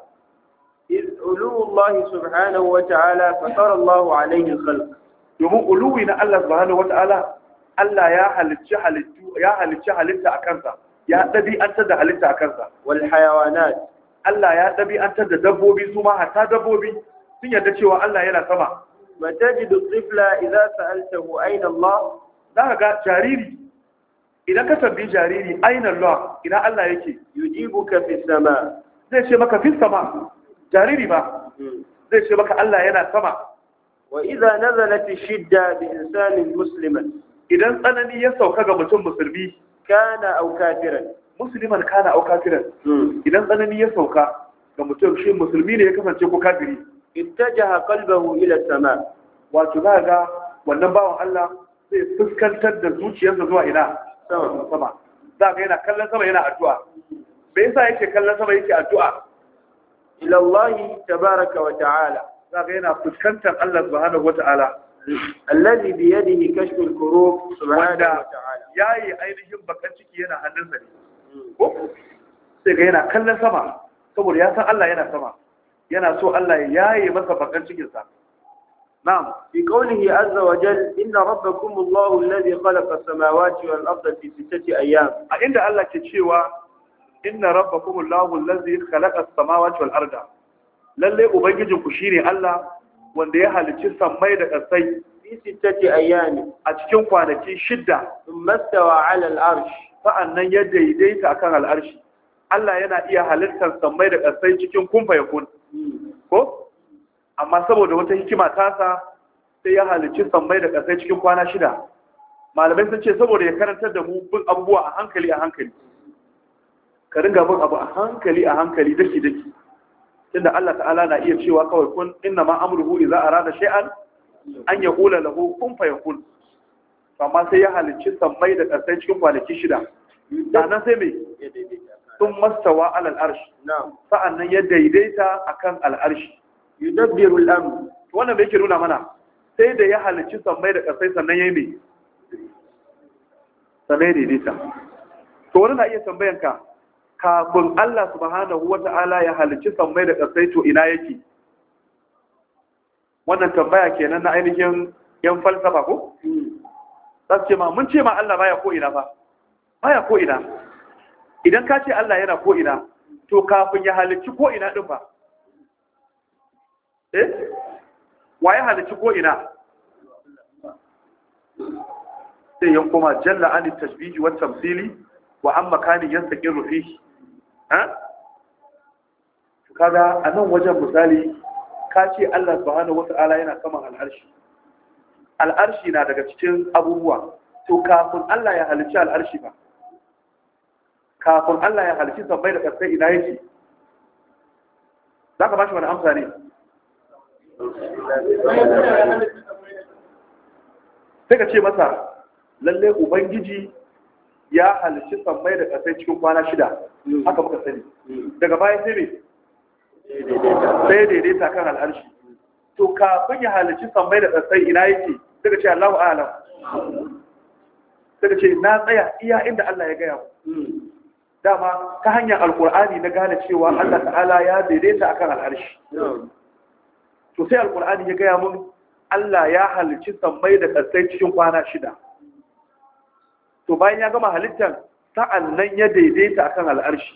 iz ulullahi subhanahu wa ta'ala fatara Allahu alayhi al-khalq domin uluwi na Allah subhanahu wa ta'ala Allah ya halicci halitta a kansa ya dabi'antar da halitta a kansa wal hayawanat Allah ya dabi'antar dabbobi su ma dabbobi sun yarda cewa Allah yana sama matajidu tifla idza sa'altahu ayna Za zaka ga jariri idan ka tambayi jariri aina Allah idan Allah yake ka fi sama zai ce maka fi sama jariri ba zai ce maka Allah yana sama wa idza nazalat shidda bi insanin musliman idan tsanani ya sauka ga mutum musulmi kana au kafiran musliman kana au kafiran hmm. idan tsanani ya sauka ga mutum shi musulmi ne ya kasance ko kafiri ittajaha qalbahu ila sama wato ga wannan bawan Allah zai fuskantar da zuciyarsa zuwa ina sama za ga yana kallon sama yana addu'a me yasa yake kallon sama yake addu'a ila tabaraka wa ta'ala za ga yana fuskantar Allah subhanahu wa ta'ala alladhi bi yadihi kashfu al-kurub subhanahu wa ta'ala yayi ainihin bakan ciki yana hannunsa ne ko sai ga yana kallon sama saboda ya san Allah yana sama yana so Allah ya yaye masa bakan cikinsa نعم في قوله عز وجل إن ربكم الله الذي خلق السماوات والأرض في ستة أيام عند الله كتشيوا إن ربكم الله الذي خلق السماوات والأرض للي أبنجي كشيري الله wanda ya halicci sammai da ƙasai fi sittati ayyami a cikin kwanaki shidda mastawa ala al-arsh sa'annan ya daidaita akan al-arshi Allah yana iya halittar sammai da ƙasai cikin kun hmm. ko amma saboda wata hikima tasa sai ya halicci sambai da ƙasai cikin kwana shida malamai sun ce saboda ya karantar da mu bin abubuwa a hankali a hankali ka ringa bin abu a hankali a hankali daki daki tunda Allah ta'ala na iya cewa kawai kun inna ma amruhu idza arada shay'an an yaqula lahu kun fayakun amma sai ya halicci sammai da ƙasai cikin kwanaki shida sannan sai mai sun mastawa alal arshi sa'annan ya daidaita akan al'arshi yudabbiru al-amr wannan da yake nuna mana sai da ya halicci sammai da ƙasai sannan ya yi mai sannan ya daidaita to wani na iya tambayan ka kafin Allah subhanahu Wata'ala ya halicci sammai da ƙasai to ina yake wannan tambaya kenan na ainihin yan falsafa ko sai ce ma mun ce ma Allah baya ko ina ba baya ko ina idan ka ce Allah yana ko ina to kafin ya halicci ko ina din ba eh waye halicci ko ina sai ya koma jalla an tashbihi wa tamthili wa amma kani yastaqiru fihi ha kaga anan wajen misali ka ce Allah subhanahu wata'ala yana al-arshi al'arshi al'arshi na daga cikin abubuwa to kafin Allah ya halicci al'arshi ba kafin Allah ya halicci sabai da kasai ina yake zaka bashi wani amsa ne sai ka ce masa lalle ubangiji ya halci sammai da ƙasai cikin kwana shida haka muka sani daga baya sai daidai sai daidaita kan al'arshi to kafin ya halci sammai da ƙasai ina yake sai ka ce Allahu a'lam sai ka ce na tsaya iya inda Allah ya gaya dama ta hanyar alkur'ani na gane cewa Allah ta'ala ya daidaita akan al'arshi to sai alkur'ani ya gaya mun Allah ya halicci sammai da ƙasai cikin kwana shida to bayan ya gama halittar sa'an nan ya daidaita akan al'arshi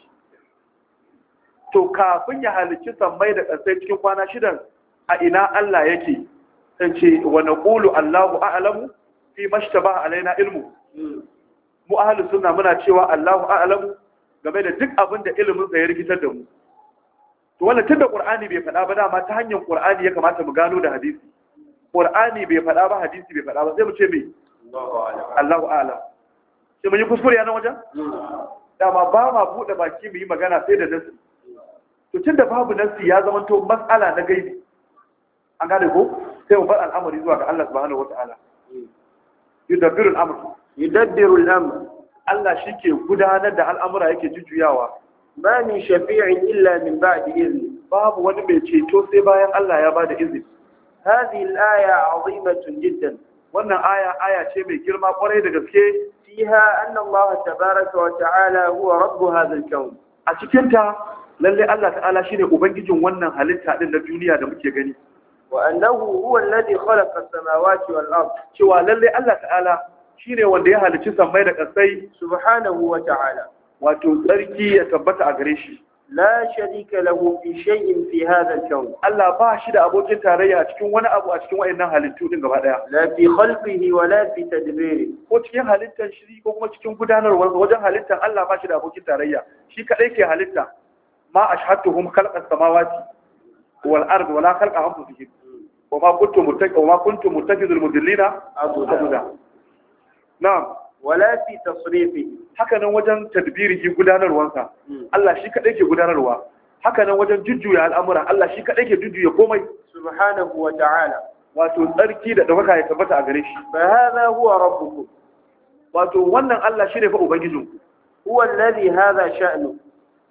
to kafin ya halicci sammai da ƙasai cikin kwana shidan a ina Allah yake sai ce wa naqulu Allahu a'lamu fi mashtaba alaina ilmu mu ahlus sunna muna cewa Allahu a'lamu game da duk abin da ilimin sa ya rikitar da mu to wannan tunda qur'ani bai faɗa ba dama ta hanyar qur'ani ya kamata mu gano da hadisi qur'ani bai faɗa ba hadisi bai faɗa ba sai mu ce me Allahu a'lam sai mun yi kuskure nan wajen dama ba ma bude baki mu yi magana sai da nasi to tunda babu nasi ya zama to mas'ala na gaibi an gane ko sai mu bar al'amari zuwa ga Allah subhanahu wata'ala yudabbiru al'amr yudabbiru al'amr Allah shi ke gudanar da al'amura yake jujjuyawa ma min shafi'in illa min ba'di izni babu wani mai ceto sai bayan Allah ya bada izini hadhihi al-aya 'azimatun jiddan wannan aya aya ce mai girma kwarai da gaske fiha anna Allah tabaraka wa ta'ala huwa rabb hadha al-kawn a cikin ta lalle Allah ta'ala shine ubangijin wannan halitta din na duniya da muke gani wa annahu huwa alladhi khalaqa as-samawati wal ard cewa lalle Allah ta'ala shine wanda ya halicci sammai da kasai subhanahu wa ta'ala wato tsarki ya tabbata a gare shi la sharika lahu fi shay'in fi hadha al-kawn Allah ba shi da abokin tarayya a cikin wani abu a cikin wayannan halittu din gaba daya la fi khalqihi wa la fi tadbiri ko cikin halittar shi ko kuma cikin gudanarwar wajen halittar Allah ba shi da abokin tarayya shi kadai ke halitta ma ashhadtuhum khalqa samawati wal ard wa la khalqa anfusihim wa ma kuntum muttaqin wa ma kuntum muttaqidul mudillina abuda na'am wala fi tasrifi haka nan wajen tadbirihi gudanarwansa hmm. Allah shi kadai ke gudanarwa Hakanan wajen jujjuya al'amura Allah shi kadai ke jujjuya komai subhanahu wa ta'ala wato tsarki da dawaka ya tabbata a gare shi fa hadha huwa rabbukum wato wannan Allah shine fa ubangijinku huwa alladhi hadha sha'nu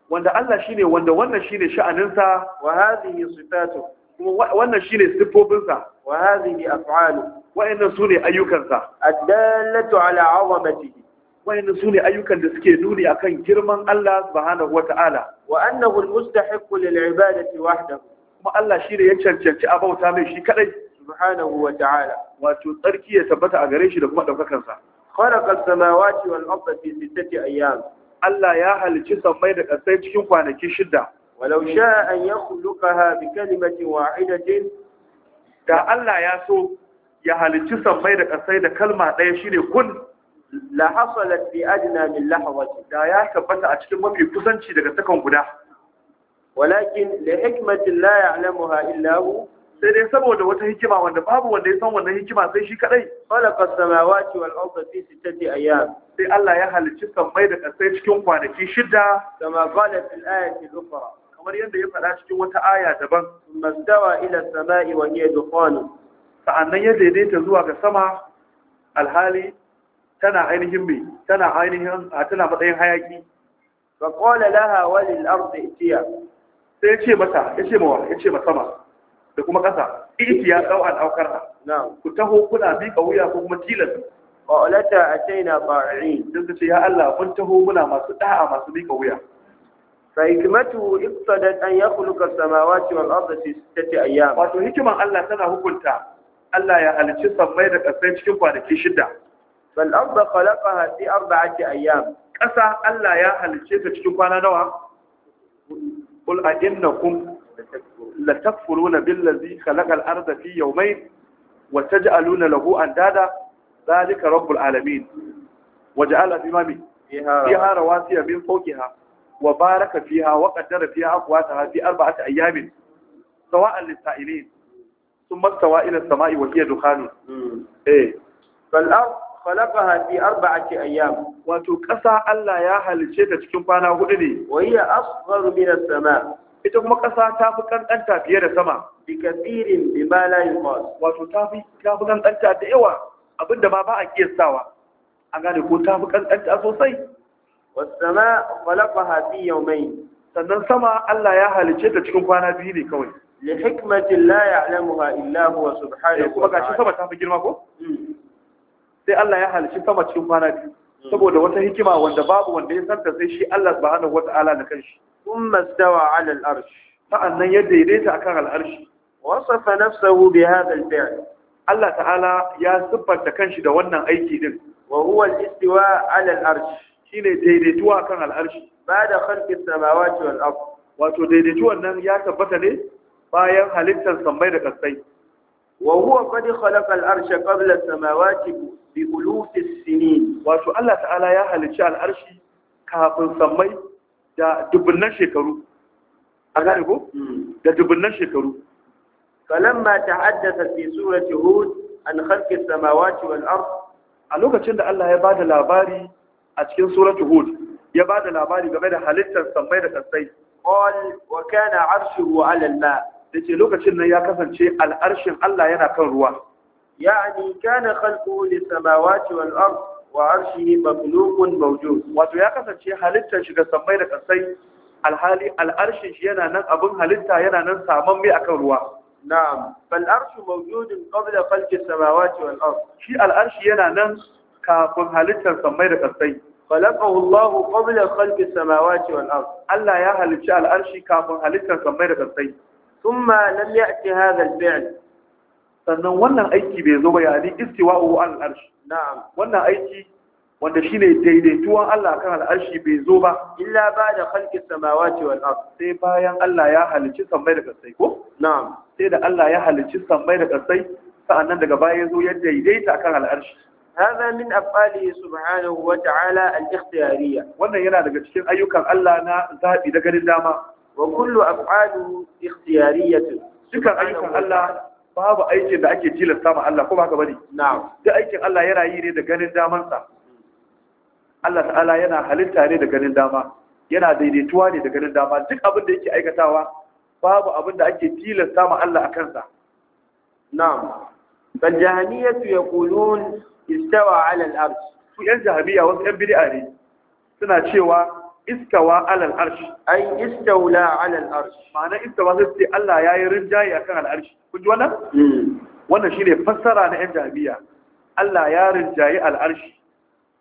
wanda Allah shine wanda wannan shine sha'aninsa wa hadhihi sifatu kuma wannan shine sifofinsa wa hadhihi af'alu wa'annan su ne ayyukansa addallatu ala azamatihi wa'annan su ne ayyukan da suke nuni akan girman Allah subhanahu wata'ala wa annahu almustahiqqu lil ibadati wahdahu kuma Allah shi ne ya cancanci a bauta mai shi kadai subhanahu wata'ala wato tsarki ya tabbata a gare shi da kuma daukakansa khalaqa as-samawati wal arda fi sittati ayyam Allah ya halicci sammai da ƙasai cikin kwanaki shida walau sha an yakhluqaha bi kalimatin wahidatin da Allah ya so ya halicci sammai da ƙasai da kalma ɗaya shine kun la hasalat bi min lahawati da ya tabbata a cikin mafi kusanci daga takan guda walakin li hikmatin la ha illa hu sai dai saboda wata hikima wanda babu wanda ya san wannan hikima sai shi kadai khalaqa samawati wal arda fi sittati ayyam sai Allah ya halicci sammai da ƙasai cikin kwanaki shida kama qala fil ayati al-ukhra kamar yadda ya faɗa cikin wata aya daban mastawa ila samai wa hiya dukhanun sa'annan ya daidaita zuwa ga sama alhali tana ainihin mai tana ainihin a tana matsayin hayaki ba kola laha walil da itiya sai ya ce mata ya ce mawa ya ce ma sama da kuma ƙasa itiya tsawon aukarha na'am ku taho kuna bi wuya ko kuma tilas ce ataina qa'in sai ta ce ya Allah mun taho muna masu da'a masu bi wuya fa hikmatu iqtadat an yakhluqa as-samawati wal arda fi sittati ayyam wato hikiman Allah tana hukunta Allah ya halicci sammai da ƙasai cikin kwanaki shida bal arda khalaqaha fi arba'ati ayyam ƙasa Allah ya halicce ta cikin kwana nawa qul a innakum la takfuruna billazi khalaqa al-arda fi yawmayn wa taj'aluna lahu andada zalika rabbul alamin waja'ala bima min fiha rawasiya min fawqiha wa baraka fiha wa qaddara fiha aqwataha fi arba'ati ayyamin sawa'an lis-sa'ilin ثم استوى الى السماء وهي دخان ايه فالارض خلقها في أربعة أيام وتكسى الله يا هل cikin kwana hudu ne. وهي اصغر من السماء ita kuma kasa ta fi ƙanƙanta fiye da sama bi kasirin bi ma la yuqas wato ta fi ta fi kankanta da yawa abinda ma ba a kiyasawa an gane ko ta fi ƙanƙanta sosai was sama khalaqaha fi yawmayn sannan sama Allah ya halice ta cikin kwana biyu ne kawai li hikmatin la ya'lamuha illa huwa subhanahu kuma gashi sama ta fi girma ko mm. sai Allah ya halici sama cikin kwana biyu mm. saboda wata hikima wanda babu wanda ya santa sai shi Allah subhanahu wata'ala da kanshi thumma stawa 'ala al-arsh sa'annan ya daidaita akan al-arshi wasafa nafsahu bi hadha al-fi'l Allah ta'ala ya siffanta kanshi da wannan aiki din wa huwa al-istiwa 'ala al-arsh shine daidaituwa akan al-arshi ba'da khalqi as-samawati wal-ard wato daidaituwan nan ya tabbata ne bayan halittar sammai da kasai wa huwa qad khalaqa al-arsha qabla as-samawati bi uluf as-sinin wato Allah ta'ala ya halicci al-arshi kafin sammai da dubunnan shekaru a gane ko hmm. da dubunnan shekaru falamma ta'addatha fi surati hud an khalqi as-samawati wal-ard a lokacin da Allah ya bada labari a cikin surati hud ya ba da labari game da halittar sammai da kasai. Qal wa kana arshuhu 'ala al-ma. yace lokacin nan ya kasance al'arshin Allah yana kan ruwa yani kana khalquhu lis samawati wal ard wa arshihi makhluqun mawjud wato ya kasance halittar shiga sammai da kasai alhali al'arshin shi yana nan abun halitta yana nan saman mai akan ruwa na'am fal arshu mawjudun qabla khalqi samawati wal ard shi al'arshi yana nan kafin halittar sammai da kasai خلقه الله قبل خلق السماوات والأرض الله يا هل الشيء الأرشي كافن هل السماء والأرض ثم لم يأتي هذا الفعل sannan wannan aiki bai zo ba yani istiwa'u al arsh na'am wannan aiki wanda shine daidaituwan Allah kan al arshi bai zo ba illa ba'da khalqi samawati wal ard sai bayan Allah ya halicci sammai da kasai ko na'am sai da Allah ya halicci sammai da kasai sa'annan daga baya zo ya daidaita kan al arshi هذا subhanahu wa ta'ala وتعالى الاختيارية wannan yana daga cikin ayyukan Allah na zabi da ganin dama wa kullu af'aluhu ikhtiyariyatun dukan aikin Allah babu aikin da ake tilasta ma Allah ko haka bane na'am duk aikin Allah yana yi ne da ganin daman sa Allah ta'ala yana halitta ne da ganin dama yana daidaituwa ne da ganin dama duk abin da yake aikatawa babu abin da ake tilasta ma Allah akan sa na'am bal jahaniyatu yaqulun istawa 'ala al-arsh su yan jahiliya wasu yan bid'a ne suna cewa istawa alal arshi ai istawla alal arshi ma'ana istawa sai ce Allah yayi rinjaye akan al arshi kun ji wannan hmm. wannan shine fassara na yan jami'a Allah ya rinjaye al arshi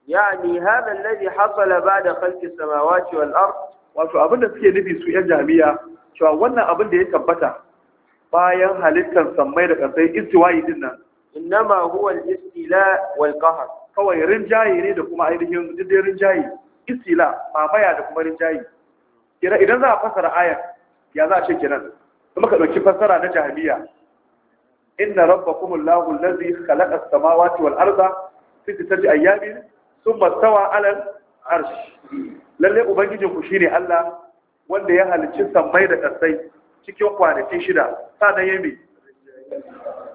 yani hada alladhi hasala ba'da khalqi samawati wal ard wato abinda suke nufi su yan jami'a cewa wannan abin da ya tabbata bayan halittar samai da kasai istiwayi din nan innama huwa al istila wal qahr kawai rinjaye ne da kuma ainihin dindin rinjaye istila mamaya da kuma rinjayi kira idan za a fasara ayar ya za a ce kiran kuma ka ɗauki fasara na jahiliya inna rabbakum allahu allazi khalaqa as-samawati wal arda fi sittati ayyamin thumma stawa 'ala al-arsh lalle ubangijin ku shine Allah wanda ya halicci sammai da ƙasai cikin kwanaki shida sa'an ya mai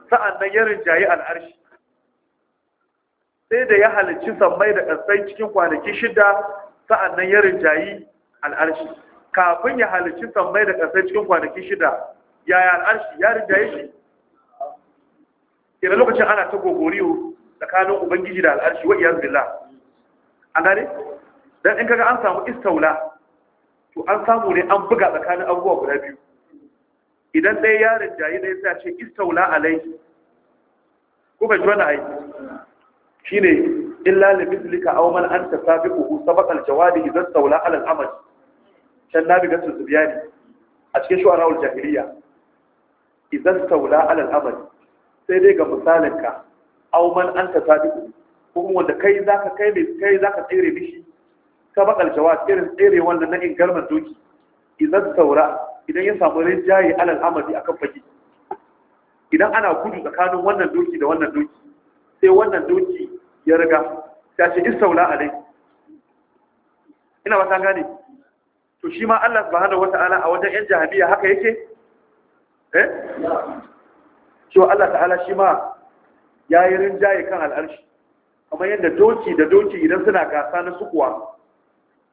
sa'an nan ya rinjayi al'arshi sai da ya halicci sammai da ƙasai cikin kwanaki shida sa'annan ya rinjayi al'arshi kafin ya halicci sammai da ƙasar cikin kwanaki shida yaya al'arshi ya rinjaye shi ina lokacin ana ta gogoriyo tsakanin ubangiji da al'arshi wa iyaz billah an gane don in kaga an samu istaula to an samu ne an buga tsakanin abubuwa guda biyu idan ɗaya ya rinjaye ɗaya sai a ce istaula alai ko bai ji wani aiki ne. illa li mithlika aw man anta sabiquhu sabaqa al-jawadi idza sawla ala al-amal kan nabi ga tsubiyani a cikin shu'ara al-jahiliya idza sawla ala al-amal sai dai ga misalinka aw man anta sabiquhu ko wanda kai zaka kai ne kai zaka tsere mishi sabaqa al-jawad irin tsere wanda na ingarman doki idza sawra idan ya samu rinjaye ala al-amali akan fage idan ana gudu tsakanin wannan doki da wannan doki sai wannan doki ya riga ta ce istaula alai ina ba ta gane to shi ma Allah subhanahu wata'ala a wajen yan jahabiya haka yake eh shi Allah ta'ala shi ma yayi rinjaye kan al'arshi kamar yadda doki da doki idan suna gasa na sukuwa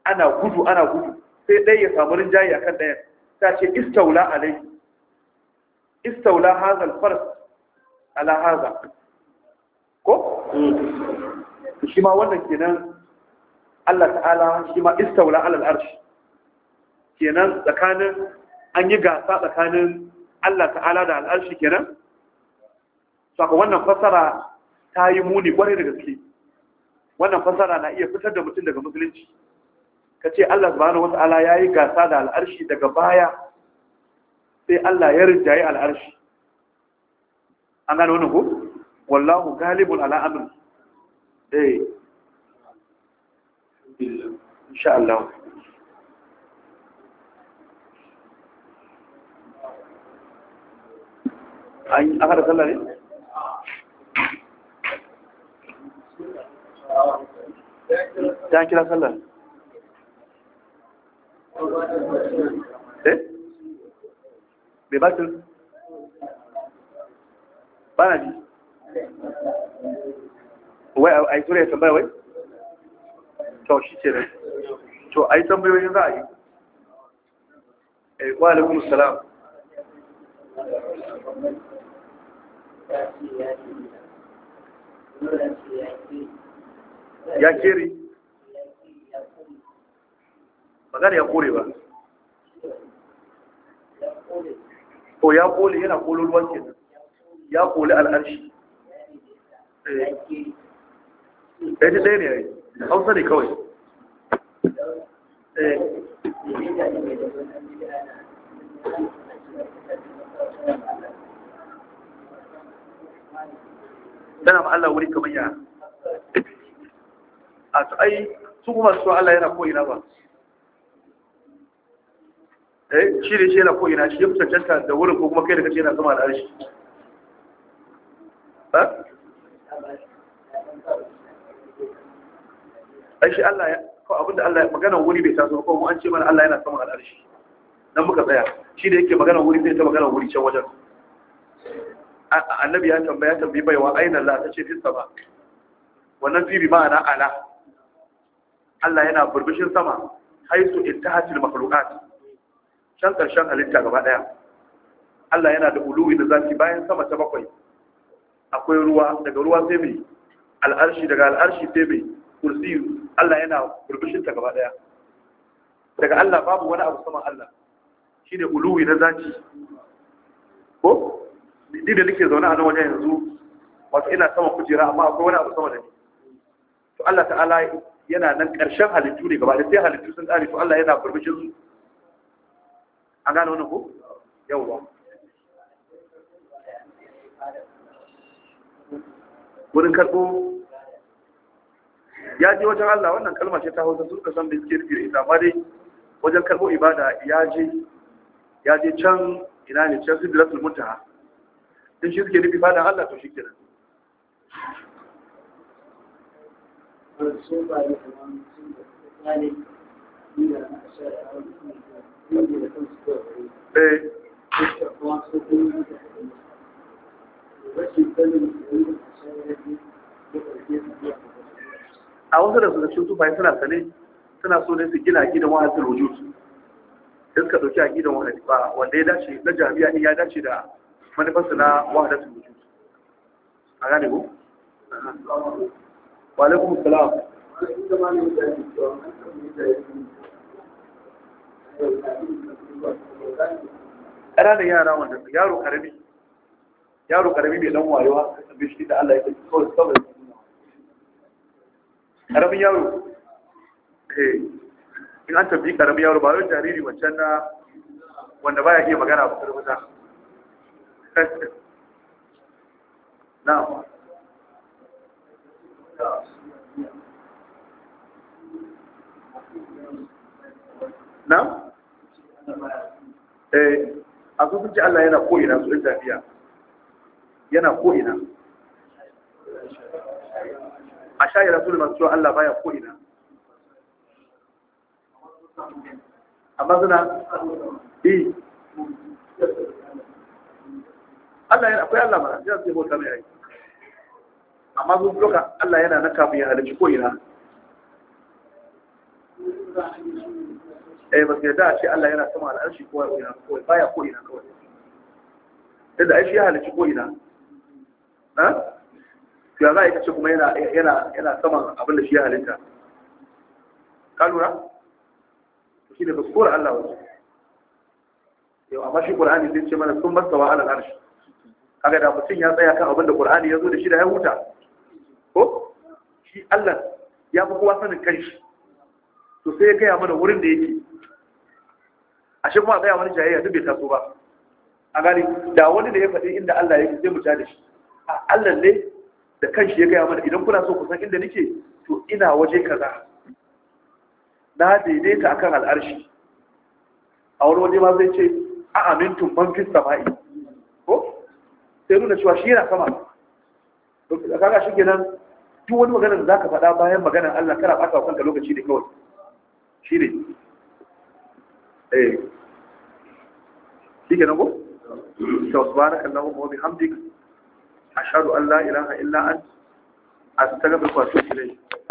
ana gudu ana gudu sai dai ya samu rinjaye akan ɗayan ta ce istaula alai istaula hazal fars ala hazal ko mm. shi ma wannan kenan Allah ta'ala shi ma istaula alal arshi kenan tsakanin an yi gasa tsakanin Allah ta'ala da al'arshi kenan saka wannan fasara ta yi muni kwarai da gaske wannan fasara na iya fitar da mutum daga musulunci ka ce Allah subhanahu wata'ala ya yi gasa da al'arshi daga baya sai Allah ya rinjaye al'arshi an gane wannan ko wallahu galibun ala amri eh insha Allah aka ta kira eh bai ba na ji wai a yi turai tambaya wai? to shi ce rai to a yi tambayoyin za a yi eh, wa alaikun salam ya keri magana ya kore ba to ya kole yana kolo ruwan ya koli al'arshi Ee, eh, ɗaya ɗaya ne yayi hausa ne kawai dana ma Allah wuri kamar ya a to ai su kuma Allah yana ko ina ba eh shi ne shi yana ko ina shi ya fuskantar da wurin ko kuma kai da kace yana sama da arshi ba ai Allah ya ko abinda Allah magana wuri bai taso ko mu an ce mana Allah yana saman al'arshi dan muka tsaya shi da yake magana wuri sai ta magana wuri can wajen annabi ya tambaya tambayi baiwa aina Allah ta ce fi sama wannan fi bi ma'ana ala Allah yana burbushin sama haisu intahatil makhluqat can karshen halitta gaba daya Allah yana da uluwi da zafi bayan sama ta bakwai akwai ruwa daga ruwa sai mai al'arshi daga al'arshi sai mai kursiyu Allah yana burbushin ta gaba daya daga Allah babu wani abu saman Allah Shi ne uluwi na zaci ko ni da nake zaune a nan wajen yanzu wato ina sama kujera amma akwai wani abu sama da ni to Allah ta'ala yana nan karshen halittu ne gaba da sai halittu sun tsari. to Allah yana burbushin su an gane wannan ko yawwa wurin karɓo ya je wajen Allah wannan kalmar ce ta Hausa suka san da suke rufe ita amma dai wajen karɓo ibada ya je ya je can ina ne can sidratul muntaha din shi suke rufe ibada Allah to shikenan eh rashin sanin da shi ne da yake a wasu da su da bayan suna sane suna so ne su gina gidan wahatul su. sai suka dauki gidan wahatul ba wanda ya dace na jami'a ya dace da manufarsu na wahatul wujud a gane ku. wa alaikum salam ƙananan yara wanda yaro karami yaro karami mai dan wayewa a bishin da Allah ya kai kawai ƙaramin yaro eh, in an tafi ƙaramin yaro ba yau jariri wancan na wanda baya iya magana ba rubuta na na? eh a sun ce Allah yana ko'ina su ɗin yana ko'ina a sha'ira su cewa Allah baya ko ina amma suna yi eh. Allah yana akwai Allah mara yana sai bauta mai aiki amma zuwa doka Allah yana na kafin ya halarci ko ina eh ba su a ce Allah yana sama al'arshi ko ina kawai baya ko ina kawai yadda aishi ya halarci ko ina ha ya za a yi kace kuma yana saman abin da shi ya halitta ka lura shi ne kora Allah wasu yau amma shi ƙur'ani zai ce mana sun matsawa alal arshi kaga da mutum ya tsaya kan abin da Qur'ani ya zo da shi da ya huta ko shi Allah ya fi kowa sanin shi. to sai ya gaya mana wurin da yake a shi kuma a gaya wani jayayya duk bai taso ba a gani da wani da ya faɗi inda Allah fi zai mu da shi a Allah ne da kanshi ya gaya mana idan kuna so ku san inda nake to ina waje kaza na daidaita akan al'arshi a wani waje ma zai ce a amintun bankin sama'i ko sai nuna cewa shi yana sama A kaga shi kenan duk wani maganar da zaka faɗa bayan maganar Allah kana ɓata wa kanka lokaci ne kawai shi ne eh shi kenan ko to subhanakallahumma wa bihamdika ashadu an la ilaha illa anta astaghfiruka wa atubu